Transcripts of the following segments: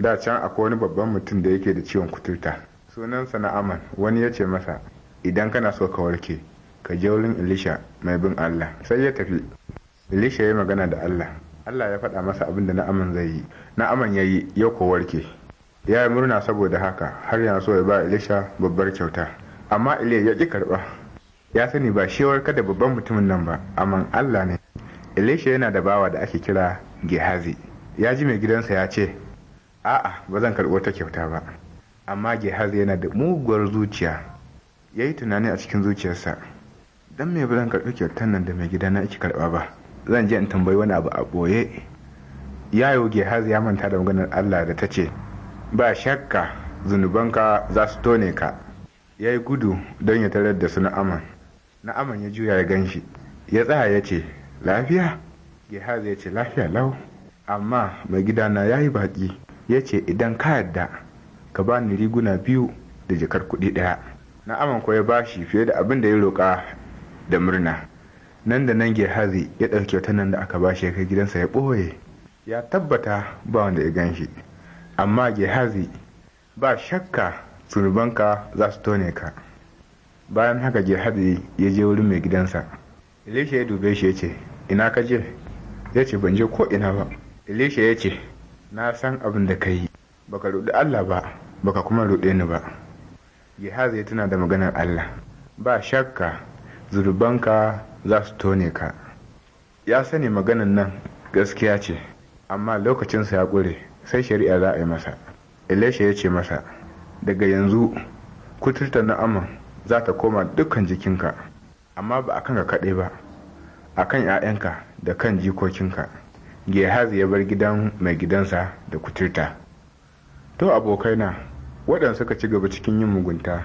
da can akwai wani babban mutum da yake da ciwon kuturta sunansa na aman wani ya ce masa idan kana so ka warke ka je wurin elisha mai bin allah sai ya tafi elisha ya magana da allah allah ya faɗa masa abin da na'aman zai yi na'aman ya yi ya ko warke ya yi murna saboda haka har yana so ya ba elisha babbar kyauta amma iliya ya ƙi karɓa ya sani ba shi warka da babban mutumin nan ba amma allah ne elisha yana da bawa da ake kira gehazi ya ji mai gidansa ya ce a'a ba zan karɓi wata kyauta ba amma Gehazi yana da muguwar zuciya ya yi tunani a cikin zuciyarsa dan mai bazan zan karɓi kyautar nan da mai gida na ake karɓa ba zan je in tambayi wani abu a ɓoye Ya yayo Gehazi ya manta da maganar allah da ta ce ba shakka zunubanka za su tone ka ya yi gudu don ya tarar da su na'aman na'aman ya juya ya gan shi ya tsaya ya ce lafiya Gehazi ya ce lafiya lau amma mai gidana ya yi baƙi ya ce idan ka yarda ka ba ni riguna biyu da jakar kuɗi ɗaya na'aman koya ya bashi fiye da abin da ya roƙa da murna nan da nan gehazi ya ɗauki wata nan da aka bashi ya kai gidansa ya ɓoye ya tabbata ba wanda ya gan shi amma gehazi ba shakka surubanka za su tone ka bayan haka gehazi ya je wurin mai gidansa elisha ya dube shi ya ce ina ka je ya ce ban je ko ina ba elisha ya ce na san abin da ka yi baka ruɗi Allah ba baka kuma ruɗe ni ba Gehazi ya tuna da maganar Allah ba shakka zurbanka za su tone ka ya sani maganar nan gaskiya ce amma lokacinsa ya ƙure sai shari'a za a yi masa elisha ya ce masa daga yanzu kuturta na'aman za ta koma dukkan jikinka amma ba a kanka kaɗai ba a kan 'ya'yanka da kan jikokinka gehaz ya bar gidan mai gidansa da kuturta to abokaina waɗansu suka ci gaba cikin yin mugunta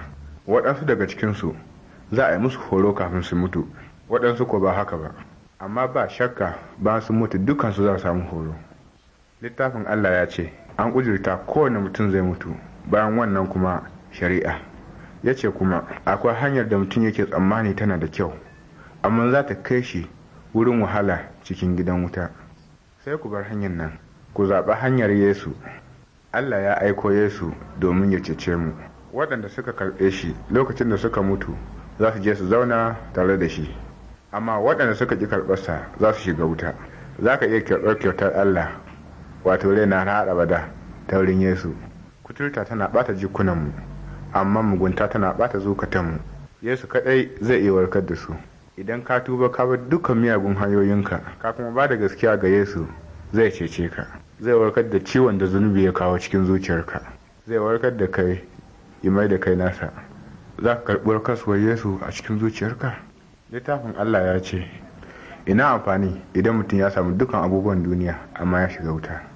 waɗansu daga cikinsu za a yi musu horo kafin su mutu waɗansu ko ba haka ba amma ba shakka ba su mutu dukansu za su samu horo littafin allah ya ce an ƙudurta kowane mutum zai mutu bayan wannan kuma shari'a ya ce kuma akwai hanyar da mutum yake tsammani tana da kyau amma za ta kai shi wurin wahala cikin gidan wuta sai ku bar hanyar nan ku zaɓi hanyar yesu allah ya aiko yesu domin ya cece mu waɗanda suka karɓe shi lokacin da suka mutu za su je su zauna tare da shi amma waɗanda suka ƙi karɓarsa za su shiga wuta za ka iya karɓar kyautar allah wato raina na haɗa bada ta wurin yesu kuturta tana ɓata jikunanmu amma mugunta tana ɓata zukatanmu yesu kaɗai zai iya warkar da su idan ka tuba ka bar dukkan miyagun hanyoyinka ka kuma ba da gaskiya ga yesu zai cece ka zai warkar da ciwon da zunubi ya kawo cikin zuciyarka zai warkar da kai mai da kai nasa za ka karɓi kasuwar yesu a cikin zuciyarka littafin allah ya ce ina amfani idan mutum ya samu dukkan abubuwan duniya amma ya shiga wuta